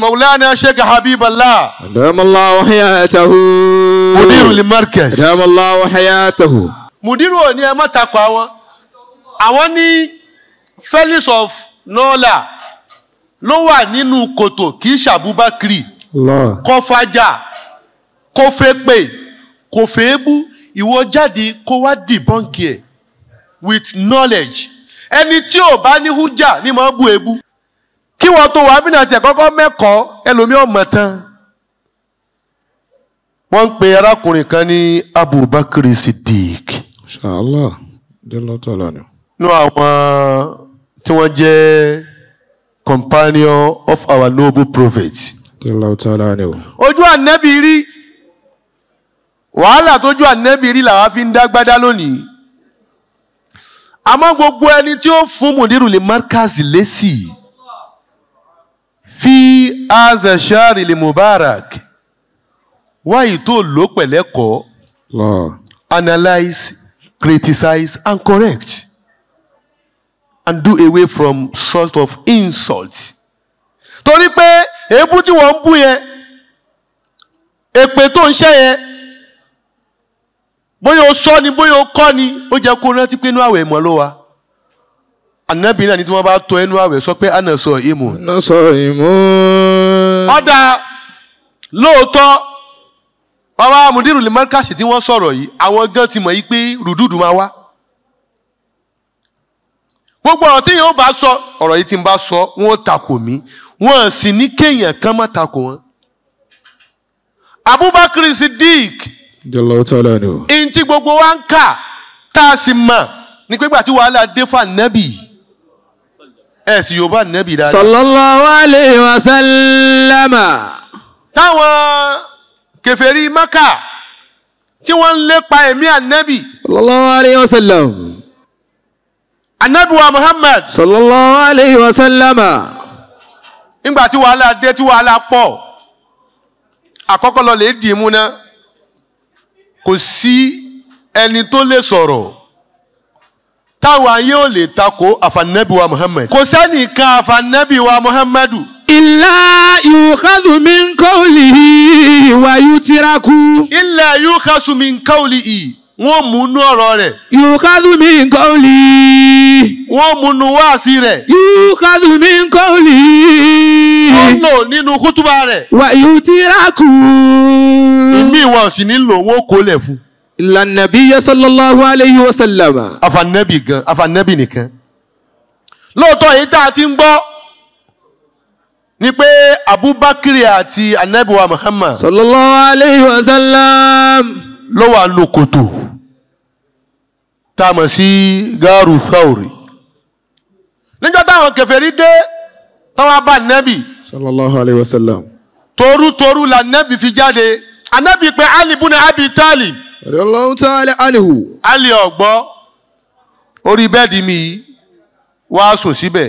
مولانا شيخ حبيب الله دام الله حياته مدير المركز دام الله حياته مدير ni ẹ má takò àwọn àwọn ní felix of nola ló wà nínú kòtò kì í ṣàbúbákiri kó fàjà kó fẹ́ pè kó fẹ́ bú ìwọ jáde kó wá dìbọ́ǹkì ẹ̀ with knowledge ẹni tí ò bá ní hújà ni màá bu èébú kí wọ́n tó wà mí náà tiẹ̀ kọ́kọ́ mẹ́kọ̀ọ́ ẹlòmí ọ̀mọ̀ tán wọ́n ń pe arákùnrin kan ní Abubakar Siddiq. ṣàlá jẹ́lọ́tọ̀ lánàá. nú àwọn tí wọ́n jẹ́ companion of our noble prophet. jẹ́lọ́tọ̀ lánàá. ojú ànábì rí wàhálà tójú ànábì rí làwa fi ń dágbádá lónìí àmọ́ gbogbo ẹni tí ó fún mùdírù lè márkàsì lésì fi aza shari li mubarak wáyé tó lò pẹ̀lẹ́kọ́ analyse criticize and correct and do away from sort of insult torí pé èébú tí wọ́n ń bú yẹn èpè tó ń ṣẹ́ yẹn bóyá o sọ ni bóyá o kọ́ ni ó jẹ́ kó rántí pé inú àwẹ̀ mọ́ ló wà anabi náà ni tí wọ́n bá tọ ẹnu àwẹ̀ sọ pé àna sọ ìmù. àna sọ ìmù. ọ̀dà lóòótọ́ bàbá mudiru limarkasi tí wọ́n sọ̀rọ̀ yìí àwọn gan ti mọ̀ yìí pé rùdùdù máa wá. gbogbo ọ̀rọ̀ tí yóò bá sọ ọ̀rọ̀ yìí ti bá sọ wọ́n takò mí wọ́n sì ní kéèyàn kan má takò wọn. Abubakar Siddiq. jọlọ tọ́lá ni o. ìntì gbogbo wa ń kà tá a sì mọ̀ ní pé gbàtí wàhálà dé fún ànábì yìí ẹ sì yóò bá nẹ́bì dáadáa. sallallahu alayhi wa sallama. táwọn kèfèrí maka tí wọ́n ń lépa ẹ̀mí ànẹ́bì. sallallahu alayhi wa sallam. anabiwa muhammad. sallallahu alayhi wa sallama. nígbà tí wàhálà dé tí wàhálà pọ̀ àkọ́kọ́ lọ lè dì í mú ná kò sí ẹni tó lè sọ̀rọ̀ táwọn ayé ò lè takò àfànẹ́bí wa muhammed. kò sẹ́nìkan àfànẹ́bí wa muhammadu. ilà yukhadhu min qawlihi wa yutiraku. ilà yukhadhu min qawlihi wọ́n mú nú ọ̀rọ̀ rẹ̀. yukhadhu min qawlihi. wọ́n mú wáàsí rẹ̀. yukhadhu min qawlihi. wọ́n lò nínú kútùbà rẹ̀. wa yutiraku. ìmí ìwà òsì nílò wọn kò lẹ̀ fún un ìlànàbí yẹ sallallahu alayhi wa sallam. afanabi gan afanabi nìkan. lóòótọ́ yìí tá a ti ń gbọ́ ni pé abubakar àti anabiwa muhammad. sallallahu alayhi wa sallam. ló wà nù kòtò tá a mọ̀ sí gaaru thawri. níjọ́ táwọn kèfèrí dé táwọn bá nẹ́bì. sallallahu alayhi wa sallam. torutoru la nẹ́bì fi jáde anabi pé ali abi talib. Rọlọ́hún tó alẹ́ àlehù. Alẹ́ ọ̀gbọ́ orí bẹ́ẹ̀dì mi wá sùn síbẹ̀.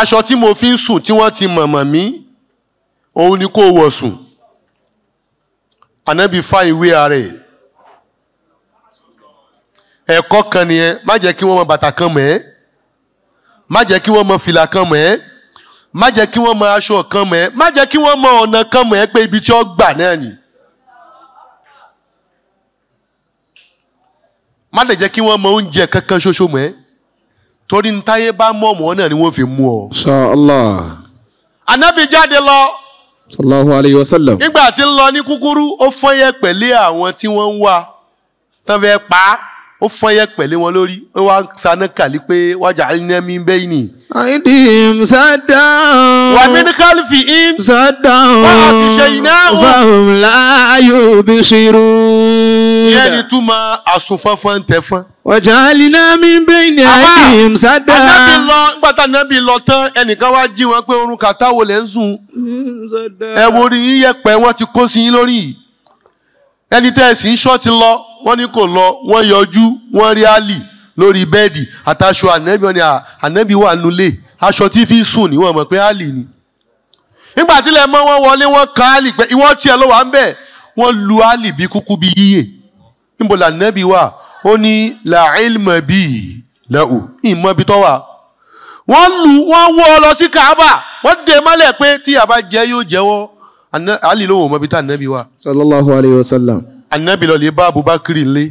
Aṣọ tí mo fi ń sùn tí wọ́n ti mọ̀mọ̀ mí òun ni kò wọ̀ sùn. Ànábì fa ìwé ara ẹ̀. Ẹ̀kọ́ kan nìyẹn má jẹ́ kí wọ́n mọ bàtà kan mọ̀ ẹ́. Má jẹ́ kí wọ́n mọ fìlà kan mọ̀ ẹ́ má jẹ́ kí wọ́n mọ aṣọ kan mọ̀ ẹ́ má jẹ́ kí wọ́n mọ ọ̀nà kan mọ̀ ẹ́ pé ibi tí ó gbà náà nìyí má lè jẹ́ kí wọ́n mọ oúnjẹ kankan ṣoṣo mọ́ ẹ́ torí ní táyé bá mọ̀ mọ́ náà ni wọ́n fi mú ọ. Inshallah. anábì jáde lọ. sallallahu alayhi wa sallam. nígbà tí ń lọ ní kúkúrú ó fọyẹ́ pẹ̀lú àwọn tí wọ́n ń wá tán fẹ́ pa á ó fọyẹ́ pẹ̀lú wọn lórí ó wá saná kàlí pé wájà iná mi bẹ́ yìí nì. àìdí sádà. wà mí ní kálífì im. sádà. wọ́n àti ṣe iná. fáwọn láàyò bí ṣirú ìyẹn ni túmọ̀ àsùnfọ́fọ́n tẹ̀fọ́n. ọ̀jà àlìlá mi ń bẹ ní àìkí ìmùsádà. ànábì lọ nígbà tá ànábì lọ tán ẹnìkan wá jí wọn pé orun kàtá wo lẹ ń sùn. Hmm, ẹ wo rí yẹ̀pẹ̀ wọn ti kó sí yín lórí yìí. ẹni tẹ́ ẹ sì ń ṣọ́ọ̀tì lọ wọ́n ní kò lọ wọ́n yọjú wọ́n rí àlì lórí bẹ́ẹ̀dì àtàṣọ ànábì wọn ni ànábì wà nulẹ̀ aṣọ tí fi sùn ni wọ́n mọ̀ pé àlì ni nígbà tí lẹ mọ wọn wọlé wọn kan àlì pé ìwọ tiẹ̀ ló wà ń bẹ wọ́n lu àlì bí kúkú bí yíyè níbo la nẹ́bí wa ó ní la ilma bí lẹ́hù ìmọ̀ ibi tó wà. wọ́n lu wọ́n wọ́ ọ lọ sí kaaba wọ́n dé mọ́lẹ̀ pé tí àbá jẹ́ yóò jẹ́wọ́ àlì ló wọ̀ mọ́ ibi tá nẹ́bí wà. sallallahu alayhi wa sallam. ànẹ́bí lọ lè bá abubakar lé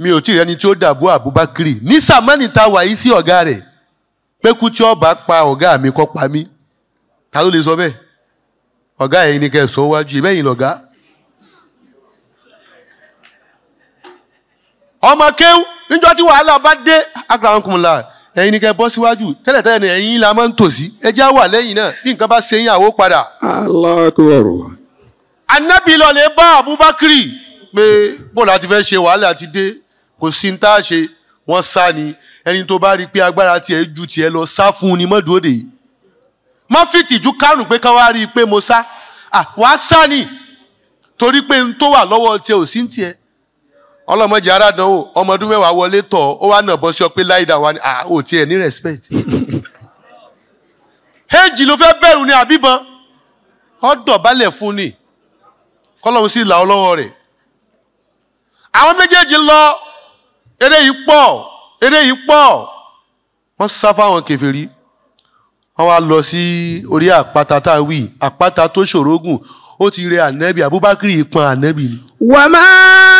mi ò tí ì rẹni tí ó dàbú abubakar ní sàmánì ta wàyí sí ọ̀gá rẹ̀ pé kú tí ọba pa ọ̀gá mi kọ́ pa mí ta ló lè sọ bẹ́ẹ̀ ọ̀gá yẹn ni kẹ́ ẹ̀ sọ wájú ìbẹ́yìn lọ̀gá. ọmọ kéwú níjọ́ tí wàhálà bá dé agbárankunmọ̀lá ẹ̀yin ni kẹ́ bọ́ síwájú tẹ́lẹ̀tẹ́lẹ̀ ni ẹ̀yin la máa ń tòsí ẹjẹ́ wà lẹ́yìn náà bí nǹkan bá ṣe yín àwó padà. aláàkúrò. anábì lọlẹ̀ bá abubakari pé bọ́ọ̀lù àti fẹ́ ṣe wàhálà ti dé kò sí ní tá a ṣe wọ́n sá ni ẹni tó bá rí i pé agbára tiẹ̀ ju tiẹ̀ lọ sá fún un ni mọ́dúró dè yìí má fi tìjú kárùn pé ká rí i pé mo sá wàá sá ni torí pé n tó wà lọ́wọ́ tiẹ̀ ò sí ní tiẹ̀ ọlọmọdé aládánwò ọmọ ọdún mẹ́wàá wọlé tọ̀ ó wà nà bọ́ sí ọ pé láìda wa ni ah ò tiẹ̀ ní respect. èjì ló fẹ́ bẹ̀rù ni àbíbọn ọ dọ̀bálẹ̀ fún ni kọ́lọ́hún sì là ọ lọ́wọ́ rẹ̀. àwọn méjèèjì lọ eré yìí pọ̀ eré yìí pọ̀ wọ́n sá fáwọn kèfèrí wọ́n wá lọ sí orí àpáta tá a wí àpáta tó ṣòro gùn ó ti rẹ ànẹ́bì Abubakar ìpọn ànẹ́bì ni. wàmẹ́.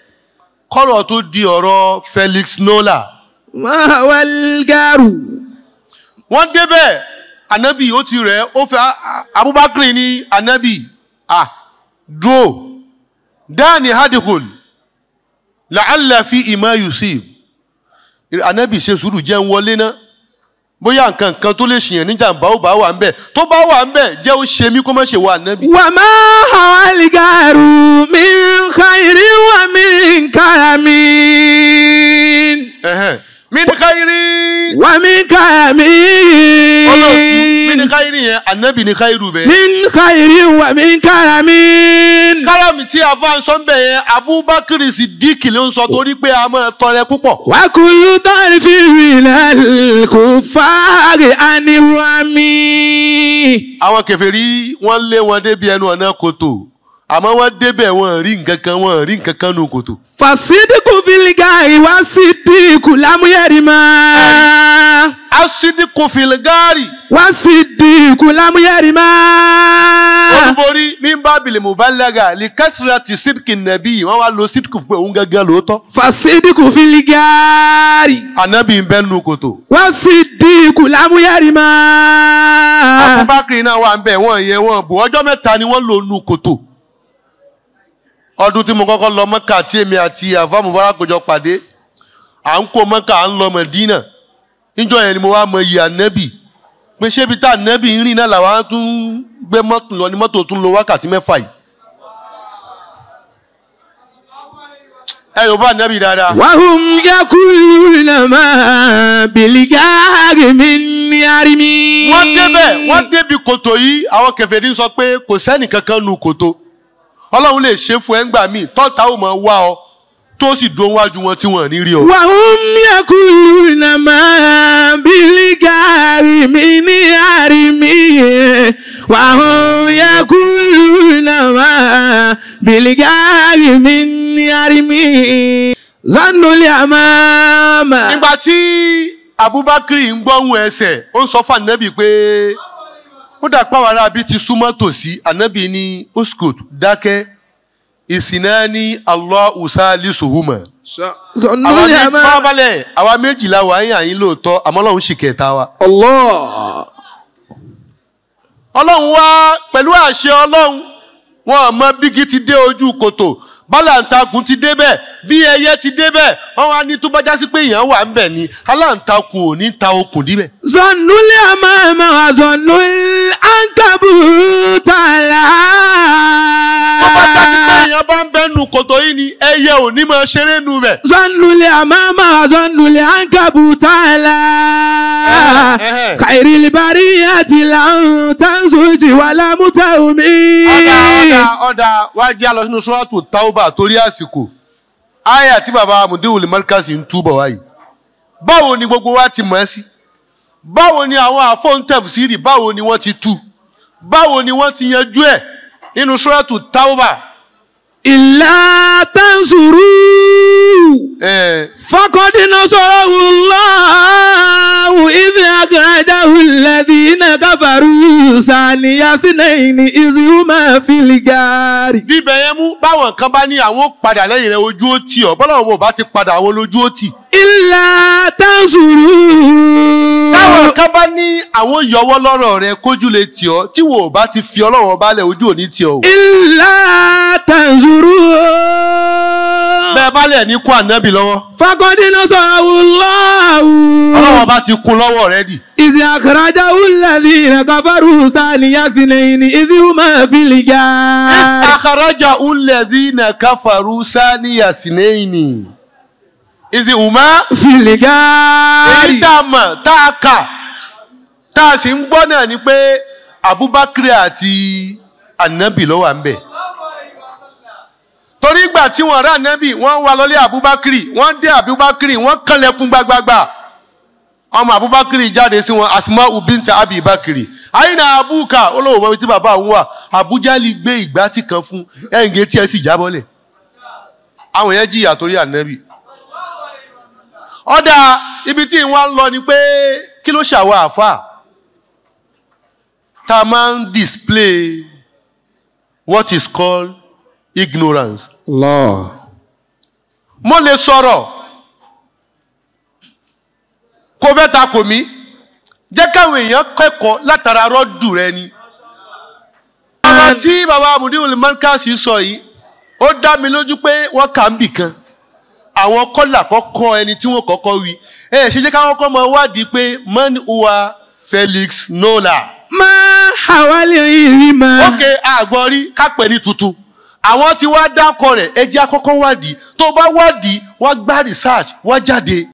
kọ́rọ̀ tó di ọ̀rọ̀ Felix Nola. wàlgàrù. wọ́n débẹ̀ anabi ó ti rẹ̀ ó fẹ́ Abubakar ní anabi ah dúró dáàni hadikul làálàfi ìmọ̀ yusuf anabi ṣe sùúrù jẹ́ wọlé náà bóyá nǹkan kan tó lè ṣèyàn níjà bá ò bá wà ń bẹ tó bá wà ń bẹ jẹ́ ó ṣe mí kó má ṣe wà nábì. wà má hàn àlìgàrú mi ń ka ìrìn wà mí ń kára mi. anabi ni khairu bẹ. min khayiri wa min karami. karami tí a fọ àǹsọ́ ń bẹ̀ yẹn abubakar siddiq ló ń sọ torí pé a máa tọrẹ púpọ̀. wà á kú ló fi rìnlẹ̀ kò fáre àníwá mi. àwọn kèfèrí wọ́n lé wọn débi ẹnu ọ̀nà kòtò àmọ́ wọ́n débẹ̀ wọ́n rí nǹkan kan wọ́n rí nǹkan kan nù kòtò. fàṣídìkù fìlìgà ìwà sí dìkù lámúyẹ̀rì máa. aṣídìkù fìlìgàrì. wá sí dìkù lámúyẹ̀rì máa. olùborí mi bá bìlẹ̀ mùbálẹ́gà lè kẹ́sìrì àti sídìkì nàbí wọ́n wá lo sídìkù fún òun gángan lóòótọ́. fàṣídìkù fìlìgàrì. ànábì ń bẹ́ nù kòtò. wá sí dìkù lámúyẹ̀rì máa. àbúbákiri náà wà ń bẹ̀ wọ́n yẹ wọ́n bò ọjọ́ mẹ́ta ni wọ́n lò nù kòtò ọdún tí mo kọ́kọ́ lọ mọ́kà tí èmi àti àfáà Mubarak jọ pàdé à ń kó mọ́kà à ń lọ Mẹ̀dínà níjọ yẹn ni mo wá mọ ànẹ́bì pé ṣébi tá ànẹ́bì ń rìn náà làwa tún gbé mọ́tò lọ ní mọ́tò tún lo wákàtí mẹ́fà yìí. ẹ yóò bá ànẹ́bì dáadáa. wàhùn yakuluna máa bìlígáàrì mi ní arími. wọ́n débẹ̀ wọ́n débi kòtò yìí àwọn kèfèrí sọ pé kò sẹ́nì kankan nu kòtò ọlọ́run lè ṣe fún ẹ ńgbà míì tọ́ta ò mọ̀ wá ọ tó sì dún wájú wọn tí wọn ò ní rí ọ. wà ó mi àkùrù nà máa bí lígàrí mi ní àrímí yẹn wà ó mi àkùrù nà máa bí lígàrí mi ní àrímí yẹn. zanoli amama. nígbà tí Abubakar ń gbóhùn ẹsẹ̀ ó ń sọ fún Ànábì pé ó dà pàwọn ará bíi ti súnmọ́ tòsí ànábì ní uskut dákẹ́ ìsìnáni Allahu salisuhuma. àwọn ní fábálẹ̀ àwa méjìlá wà ń yàn yín lóòótọ́ àmọ́ Ọlọ́run sì kẹta wa. Ọlọ́run wá pẹ̀lú àṣẹ Ọlọ́run wọn àmọ́ bígi ti dé ojú kòtò bálàntakùn ti débẹ̀ bí ẹyẹ ti débẹ̀ wọ́n wá ní tó bá jásí pé èèyàn wà ń bẹ̀ ni aláǹtakùn ò ní ta okùn díbẹ̀. zọnúlẹ̀ ọmọ ẹ̀mọ́ àzọ̀nù ẹnu kòtò yìí ni ẹyẹ ò ní máa ṣeré nu rẹ̀. zọ́nulẹ̀ àmàmà zọ́nulẹ̀ àǹkàbù tààlà kàìrìlìbárí àti làwọn tánṣùjì wà lámúta omi. ọ̀dà ọ̀dà ọ̀dà wájú àlọ́ sínú sọ́ọ̀tù tauba. torí àsìkò àyà tí bàbá amúdíwòlì mọ́ríkàsì ń túbọ̀ wáyìí báwo ni gbogbo wa ti mọ̀ ẹ́ sí báwo ni àwọn àfọ́ńtẹ̀fù sírì báwo ni wọ́n ti tú báwo ni wọ́n ti yanjú ẹ̀ nínú sọ́ọ̀tù táwùbà ìlà tẹ́ǹsùrù fakọ́dínà sọ̀rọ̀ wùláhùn ìdí àgàdà wùlẹ̀dì iná káfàrú sàníyà sínẹ́yìn ní ìzìhùmá fìlígàárì. bíbẹ̀ yẹn mú báwọn kan bá ní àwọn padà lẹ́yìn rẹ̀ ojú ó tì ọ́ bọ́lá wo bá ti padà àwọn lójú ó tì ilà tanzuru. táwọn kan bá ní àwọn yọwọ́ lọ́rọ̀ rẹ kójú lè tì ọ́ tí wò ó bá ti fi ọlọ́run balẹ̀ ojú òní tì ọ́. ilà tanzuru. bẹ́ẹ̀ balẹ̀ ní kó ànábì lọ́wọ́. fakọ́dínà sọ àwùlọ́wù. ọlọ́run bá ti kun lọ́wọ́ rẹ dì. ìsìn àkàràjà wúlẹ̀dì ìrẹ̀kọ́fẹ́rù sàníyàsí lẹ́yìn ìdíwùmọ̀ fìlìjà. ìsìn àkàràjà wúlẹ̀dì ìrẹ̀kọ́fẹ́rù sàníyàsí lẹ́yìn. izi fìlìgáàrì. èyí tá a ka tá si n tá n'ipe ni pé Abubakar ati Anabi ló wà ń bẹ̀. torí ìgbà tí wọ́n rà Anabi wọ́n wá lọ́lé Abubakar wọ́n dé Abubakar won kànlẹ̀kùn gbagbagba ọmọ Abubakar jáde sí wọn Asma ubinta Abi Bakri àyìnà abuka olówó mọbi tí bàbá òun wà Abuja lè gbé ìgbà tí kan fún ẹ̀ǹgẹ̀ tí ẹ sì jábọ́lẹ̀ àwọn yẹn jìyà torí Anabi ọ̀dà ibi tí wọ́n ń lọ ni pé kí ló ṣàwọ̀ àfà tá máa ń display what is called ignorance. Allah. mo lè sọ̀rọ̀ kó fẹ́ ta kò mí jẹ́ káwọn èèyàn kẹ́kọ̀ọ́ látara rọ́dù rẹ ni. ọ̀rọ̀ tí bàbá Mùdíwòlì Markaz sọ yìí ó dá mi lójú pé wọ́n kà ń bì kan àwọn kọ́là kọ́kọ́ ẹni tí wọ́n kọ́kọ́ wí ẹ ṣe jẹ́ káwọn kọ́ mọ wádìí pé man uwa Felix Nola. má àwálé yìí mọ. ok àgbọ̀ rí kápẹ́ ní tuntun àwọn tí wàá dákọ̀ rẹ̀ ẹ jẹ́ akọ́kọ́ wádìí tó bá wádìí wàá gbá research wàá jáde.